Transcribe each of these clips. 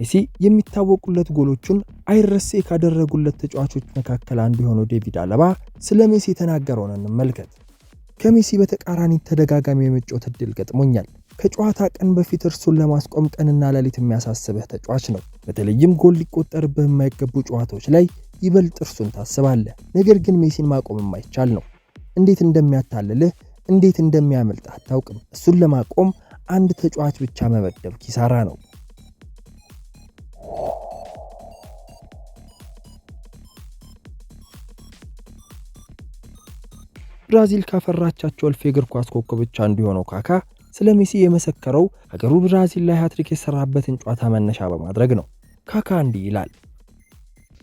ሜሲ የሚታወቁለት ጎሎቹን አይረሴ ካደረጉለት ተጫዋቾች መካከል አንዱ የሆነው ዴቪድ አለባ ስለ ሜሲ የተናገረውን እንመልከት። ከሜሲ በተቃራኒ ተደጋጋሚ የመጫወት እድል ገጥሞኛል። ከጨዋታ ቀን በፊት እርሱን ለማስቆም ቀንና ሌሊት የሚያሳስብህ ተጫዋች ነው። በተለይም ጎል ሊቆጠርብህ የማይገቡ ጨዋታዎች ላይ ይበልጥ እርሱን ታስባለህ። ነገር ግን ሜሲን ማቆም የማይቻል ነው። እንዴት እንደሚያታልልህ፣ እንዴት እንደሚያመልጥህ አታውቅም። እሱን ለማቆም አንድ ተጫዋች ብቻ መመደብ ኪሳራ ነው። ብራዚል ካፈራቻቸው እልፍ የእግር ኳስ ኮከቦች አንዱ የሆነው ካካ ስለ ሜሲ የመሰከረው ሀገሩ ብራዚል ላይ ሃትሪክ የሰራበትን ጨዋታ መነሻ በማድረግ ነው። ካካ እንዲህ ይላል።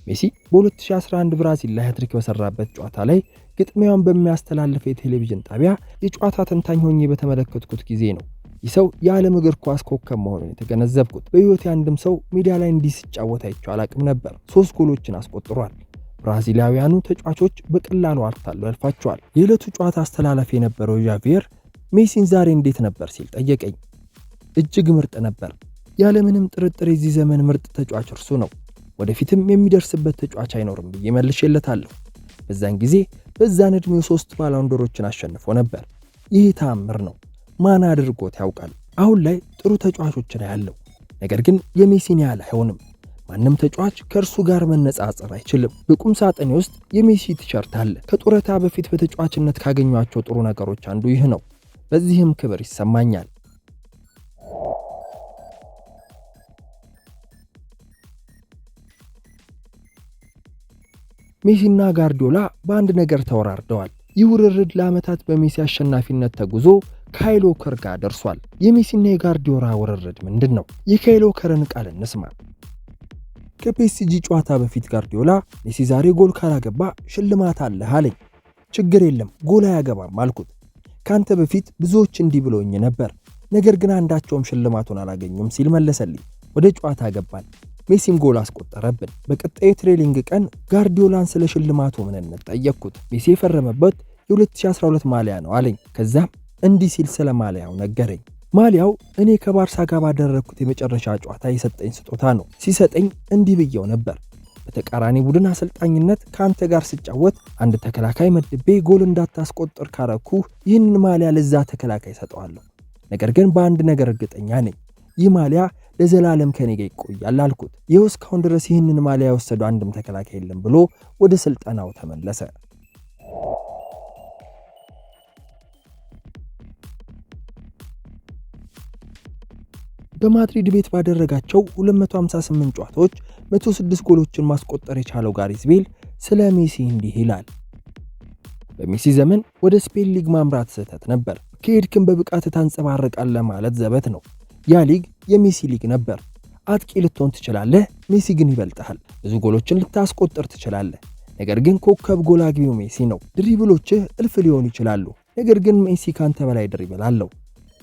ሜሲ በ2011 ብራዚል ላይ ሃትሪክ በሰራበት ጨዋታ ላይ ግጥሚያውን በሚያስተላልፍ የቴሌቪዥን ጣቢያ የጨዋታ ተንታኝ ሆኜ በተመለከትኩት ጊዜ ነው ይህ ሰው የዓለም እግር ኳስ ኮከብ መሆኑን የተገነዘብኩት። በሕይወቴ አንድም ሰው ሜዳ ላይ እንዲህ ሲጫወት አይቼው አላቅም ነበር። ሶስት ጎሎችን አስቆጥሯል። ብራዚላውያኑ ተጫዋቾች በቀላሉ አታለው ያልፋቸዋል። የዕለቱ ጨዋታ አስተላላፊ የነበረው ዣቪየር ሜሲን ዛሬ እንዴት ነበር ሲል ጠየቀኝ። እጅግ ምርጥ ነበር። ያለምንም ጥርጥር የዚህ ዘመን ምርጥ ተጫዋች እርሱ ነው። ወደፊትም የሚደርስበት ተጫዋች አይኖርም ብዬ መልሼለታለሁ። በዛን ጊዜ በዛን ዕድሜው ሶስት ባላንዶሮችን አሸንፎ ነበር። ይህ ተአምር ነው። ማን አድርጎት ያውቃል? አሁን ላይ ጥሩ ተጫዋቾችን ያለው ነገር ግን የሜሲን ያህል አይሆንም። ማንም ተጫዋች ከእርሱ ጋር መነጻጸር አይችልም። በቁም ሳጥኔ ውስጥ የሜሲ ቲሸርት አለ። ከጡረታ በፊት በተጫዋችነት ካገኟቸው ጥሩ ነገሮች አንዱ ይህ ነው። በዚህም ክብር ይሰማኛል። ሜሲና ጋርዲዮላ በአንድ ነገር ተወራርደዋል። ይህ ውርርድ ለዓመታት በሜሲ አሸናፊነት ተጉዞ ካይሎ ወከር ጋር ደርሷል። የሜሲና የጋርዲዮላ ውርርድ ምንድን ነው? የካይል ወከርን ቃል እንስማ። ከፒኤስጂ ጨዋታ በፊት ጋርዲዮላ ሜሲ ዛሬ ጎል ካላገባ ሽልማት አለህ አለኝ። ችግር የለም ጎል አያገባም አልኩት። ካንተ በፊት ብዙዎች እንዲህ ብሎኝ ነበር፣ ነገር ግን አንዳቸውም ሽልማቱን አላገኙም ሲል መለሰልኝ። ወደ ጨዋታ ገባን። ሜሲም ጎል አስቆጠረብን። በቀጣዩ ትሬሊንግ ቀን ጋርዲዮላን ስለ ሽልማቱ ምንነት ጠየቅኩት። ሜሲ የፈረመበት የ2012 ማሊያ ነው አለኝ። ከዛም እንዲህ ሲል ስለ ማሊያው ነገረኝ። ማሊያው እኔ ከባርሳ ጋር ባደረግኩት የመጨረሻ ጨዋታ የሰጠኝ ስጦታ ነው። ሲሰጠኝ እንዲህ ብየው ነበር፣ በተቃራኒ ቡድን አሰልጣኝነት ከአንተ ጋር ስጫወት አንድ ተከላካይ መድቤ ጎል እንዳታስቆጥር ካረኩ ይህንን ማሊያ ለዛ ተከላካይ ሰጠዋለሁ። ነገር ግን በአንድ ነገር እርግጠኛ ነኝ፣ ይህ ማሊያ ለዘላለም ከኔ ጋር ይቆያል አልኩት። ይኸው እስካሁን ድረስ ይህንን ማሊያ የወሰዱ አንድም ተከላካይ የለም ብሎ ወደ ስልጠናው ተመለሰ። በማድሪድ ቤት ባደረጋቸው 258 ጨዋታዎች 106 ጎሎችን ማስቆጠር የቻለው ጋሪዝ ቤል ስለ ሜሲ እንዲህ ይላል። በሜሲ ዘመን ወደ ስፔን ሊግ ማምራት ስህተት ነበር። ከሄድክም በብቃት ታንጸባርቃለህ ማለት ዘበት ነው። ያ ሊግ የሜሲ ሊግ ነበር። አጥቂ ልትሆን ትችላለህ፣ ሜሲ ግን ይበልጥሃል። ብዙ ጎሎችን ልታስቆጠር ትችላለህ፣ ነገር ግን ኮከብ ጎል አግቢው ሜሲ ነው። ድሪብሎችህ እልፍ ሊሆኑ ይችላሉ፣ ነገር ግን ሜሲ ካንተ በላይ ድሪብል አለው።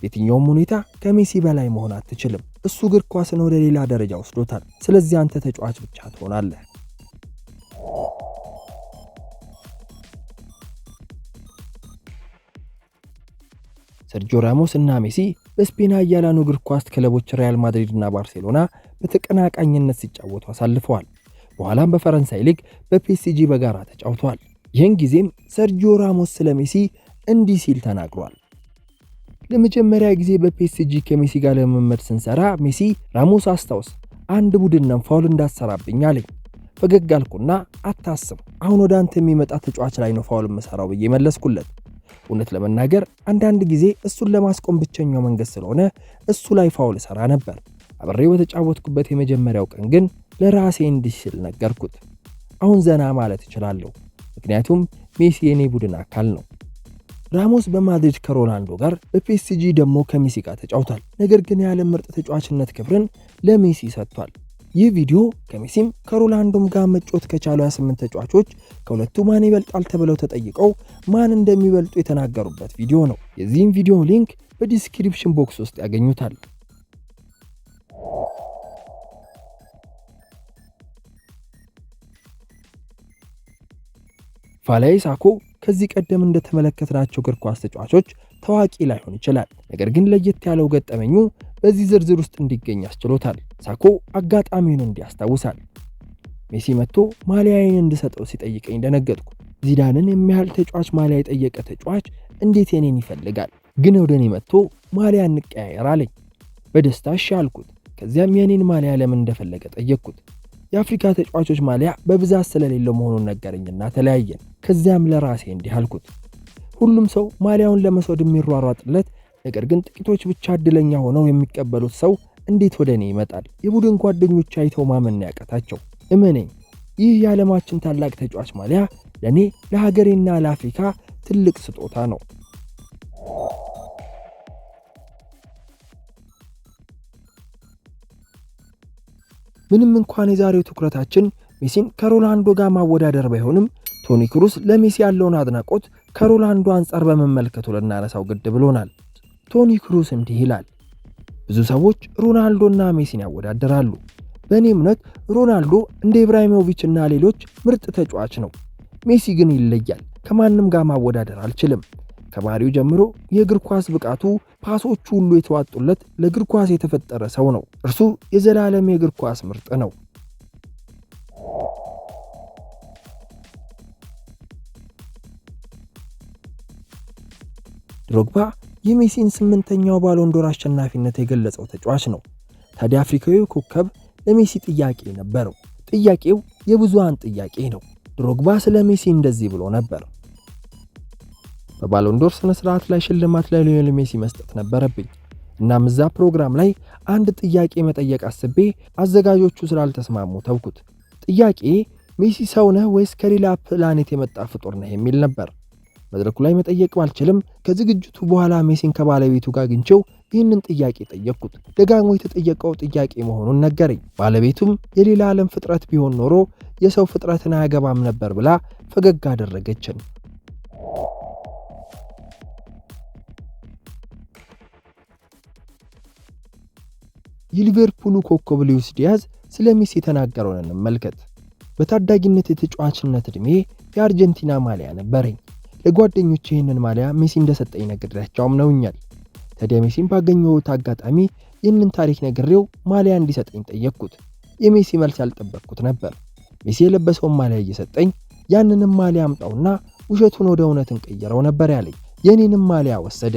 በየትኛውም ሁኔታ ከሜሲ በላይ መሆን አትችልም። እሱ እግር ኳስን ወደ ሌላ ደረጃ ወስዶታል። ስለዚህ አንተ ተጫዋች ብቻ ትሆናለህ። ሰርጂዮ ራሞስ እና ሜሲ በስፔን ኃያላኑ እግር ኳስ ክለቦች ሪያል ማድሪድ እና ባርሴሎና በተቀናቃኝነት ሲጫወቱ አሳልፈዋል። በኋላም በፈረንሳይ ሊግ በፒሲጂ በጋራ ተጫውተዋል። ይህን ጊዜም ሰርጂዮ ራሞስ ስለ ሜሲ እንዲህ ሲል ተናግሯል። ለመጀመሪያ ጊዜ በፒኤስጂ ከሜሲ ጋር ለመመድ ስንሰራ ሜሲ ራሞስ አስታውስ አንድ ቡድን ነው ፋውል እንዳሰራብኝ አለኝ። ፈገግ አልኩና አታስብ፣ አሁን ወደ አንተ የሚመጣ ተጫዋች ላይ ነው ፋውል የምሰራው ብዬ መለስኩለት። እውነት ለመናገር አንዳንድ ጊዜ እሱን ለማስቆም ብቸኛው መንገድ ስለሆነ እሱ ላይ ፋውል ሰራ ነበር። አብሬው በተጫወትኩበት የመጀመሪያው ቀን ግን ለራሴ እንዲህ ስል ነገርኩት፣ አሁን ዘና ማለት እችላለሁ፣ ምክንያቱም ሜሲ የኔ ቡድን አካል ነው። ራሞስ በማድሪድ ከሮናልዶ ጋር በፒኤስጂ ደግሞ ከሜሲ ጋር ተጫውቷል። ነገር ግን የዓለም ምርጥ ተጫዋችነት ክብርን ለሜሲ ሰጥቷል። ይህ ቪዲዮ ከሜሲም ከሮናልዶም ጋር መጫወት ከቻሉ 28 ተጫዋቾች ከሁለቱ ማን ይበልጣል ተብለው ተጠይቀው ማን እንደሚበልጡ የተናገሩበት ቪዲዮ ነው። የዚህም ቪዲዮ ሊንክ በዲስክሪፕሽን ቦክስ ውስጥ ያገኙታል። ፋላይ ሳኮ ከዚህ ቀደም እንደተመለከትናቸው እግር ኳስ ተጫዋቾች ታዋቂ ላይሆን ይችላል። ነገር ግን ለየት ያለው ገጠመኙ በዚህ ዝርዝር ውስጥ እንዲገኝ አስችሎታል። ሳኮ አጋጣሚውን እንዲያስታውሳል። ሜሲ መጥቶ ማሊያዬን እንድሰጠው ሲጠይቀኝ ደነገጥኩ። ዚዳንን የሚያህል ተጫዋች ማሊያ የጠየቀ ተጫዋች እንዴት የኔን ይፈልጋል? ግን ወደ እኔ መጥቶ ማሊያ እንቀያየር አለኝ። በደስታ እሺ አልኩት። ከዚያም የኔን ማሊያ ለምን እንደፈለገ ጠየቅኩት። የአፍሪካ ተጫዋቾች ማሊያ በብዛት ስለሌለው መሆኑን ነገረኝና ተለያየን። ከዚያም ለራሴ እንዲህ አልኩት፣ ሁሉም ሰው ማሊያውን ለመሰወድ የሚሯሯጥለት፣ ነገር ግን ጥቂቶች ብቻ እድለኛ ሆነው የሚቀበሉት ሰው እንዴት ወደ እኔ ይመጣል? የቡድን ጓደኞች አይተው ማመን ያቀታቸው። እመነኝ፣ ይህ የዓለማችን ታላቅ ተጫዋች ማሊያ ለእኔ ለሀገሬና ለአፍሪካ ትልቅ ስጦታ ነው። ምንም እንኳን የዛሬው ትኩረታችን ሜሲን ከሮናልዶ ጋር ማወዳደር ባይሆንም ቶኒ ክሩስ ለሜሲ ያለውን አድናቆት ከሮናልዶ አንጻር በመመልከቱ ልናነሳው ግድ ብሎናል። ቶኒ ክሩስ እንዲህ ይላል። ብዙ ሰዎች ሮናልዶና ሜሲን ያወዳደራሉ። በእኔ እምነት ሮናልዶ እንደ ኢብራሂሞቪች እና ሌሎች ምርጥ ተጫዋች ነው። ሜሲ ግን ይለያል። ከማንም ጋር ማወዳደር አልችልም። ከባህሪው ጀምሮ የእግር ኳስ ብቃቱ ፓሶቹ ሁሉ የተዋጡለት ለእግር ኳስ የተፈጠረ ሰው ነው። እርሱ የዘላለም የእግር ኳስ ምርጥ ነው። ድሮግባ የሜሲን ስምንተኛው ባሎንዶር አሸናፊነት የገለጸው ተጫዋች ነው። ታዲያ አፍሪካዊው ኮከብ ለሜሲ ጥያቄ ነበረው። ጥያቄው የብዙሃን ጥያቄ ነው። ድሮግባ ስለ ሜሲ እንደዚህ ብሎ ነበር። በባሎንዶር ስነ ስርዓት ላይ ሽልማት ለሊዮኔል ሜሲ መስጠት ነበረብኝ። እናም እዛ ፕሮግራም ላይ አንድ ጥያቄ መጠየቅ አስቤ አዘጋጆቹ ስላልተስማሙ ተውኩት። ጥያቄ ሜሲ ሰው ነህ ወይስ ከሌላ ፕላኔት የመጣ ፍጡር ነህ የሚል ነበር። መድረኩ ላይ መጠየቅ ባልችልም ከዝግጅቱ በኋላ ሜሲን ከባለቤቱ ጋር አግኝቼው ይህንን ጥያቄ ጠየቅኩት። ደጋግሞ የተጠየቀው ጥያቄ መሆኑን ነገረኝ። ባለቤቱም የሌላ ዓለም ፍጥረት ቢሆን ኖሮ የሰው ፍጥረትን አያገባም ነበር ብላ ፈገግ አደረገችን። የሊቨርፑሉ ኮከብ ሉዊስ ዲያዝ ስለ ሜሲ የተናገረውን እንመልከት። በታዳጊነት የተጫዋችነት ዕድሜ የአርጀንቲና ማሊያ ነበረኝ። ለጓደኞች ይህንን ማሊያ ሜሲ እንደሰጠኝ ነግሬያቸው ነውኛል። ታዲያ ሜሲን ባገኘሁት አጋጣሚ ይህንን ታሪክ ነግሬው ማሊያ እንዲሰጠኝ ጠየቅኩት። የሜሲ መልስ ያልጠበቅኩት ነበር። ሜሲ የለበሰውን ማሊያ እየሰጠኝ ያንንም ማሊያ አምጣውና ውሸቱን ወደ እውነት እንቀይረው ነበር ያለኝ። የእኔንም ማሊያ ወሰደ።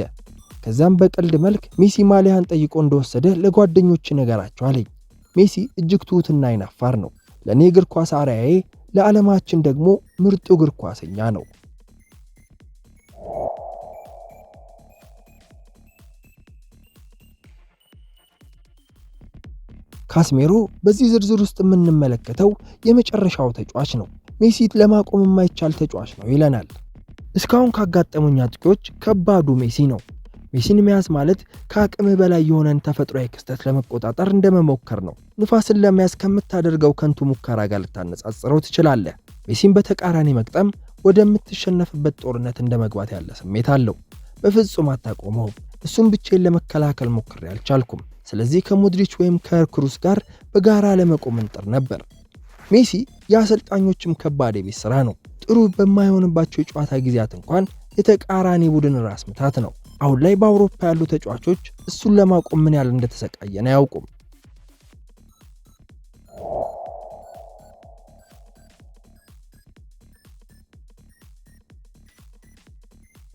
ከዛም በቀልድ መልክ ሜሲ ማሊያን ጠይቆ እንደወሰደ ለጓደኞች ነገራቸው አለኝ። ሜሲ እጅግ ትሑትና አይናፋር ነው። ለእኔ እግር ኳስ አርያዬ፣ ለዓለማችን ደግሞ ምርጡ እግር ኳሰኛ ነው። ካስሜሮ በዚህ ዝርዝር ውስጥ የምንመለከተው የመጨረሻው ተጫዋች ነው። ሜሲ ለማቆም የማይቻል ተጫዋች ነው ይለናል። እስካሁን ካጋጠሙኝ አጥቂዎች ከባዱ ሜሲ ነው። ሜሲን መያዝ ማለት ከአቅምህ በላይ የሆነን ተፈጥሯዊ ክስተት ለመቆጣጠር እንደመሞከር ነው። ንፋስን ለመያዝ ከምታደርገው ከንቱ ሙከራ ጋር ልታነጻጽረው ትችላለህ። ሜሲን በተቃራኒ መቅጠም ወደምትሸነፍበት ጦርነት እንደ መግባት ያለ ስሜት አለው። በፍጹም አታቆመውም። እሱም ብቻዬን ለመከላከል ሞክሬ አልቻልኩም። ስለዚህ ከሞድሪች ወይም ከክሩስ ጋር በጋራ ለመቆም እንጥር ነበር። ሜሲ የአሰልጣኞችም ከባድ የቤት ስራ ነው። ጥሩ በማይሆንባቸው የጨዋታ ጊዜያት እንኳን የተቃራኒ ቡድን ራስ ምታት ነው። አሁን ላይ በአውሮፓ ያሉ ተጫዋቾች እሱን ለማቆም ምን ያህል እንደተሰቃየን አያውቁም።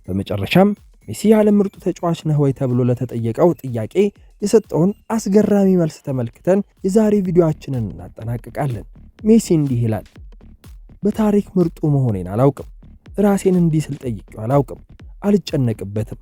በመጨረሻም ሜሲ የዓለም ምርጡ ተጫዋች ነህ ወይ ተብሎ ለተጠየቀው ጥያቄ የሰጠውን አስገራሚ መልስ ተመልክተን የዛሬ ቪዲዮአችንን እናጠናቅቃለን። ሜሲ እንዲህ ይላል። በታሪክ ምርጡ መሆኔን አላውቅም። ራሴን እንዲህ ስል ጠይቄው አላውቅም። አልጨነቅበትም።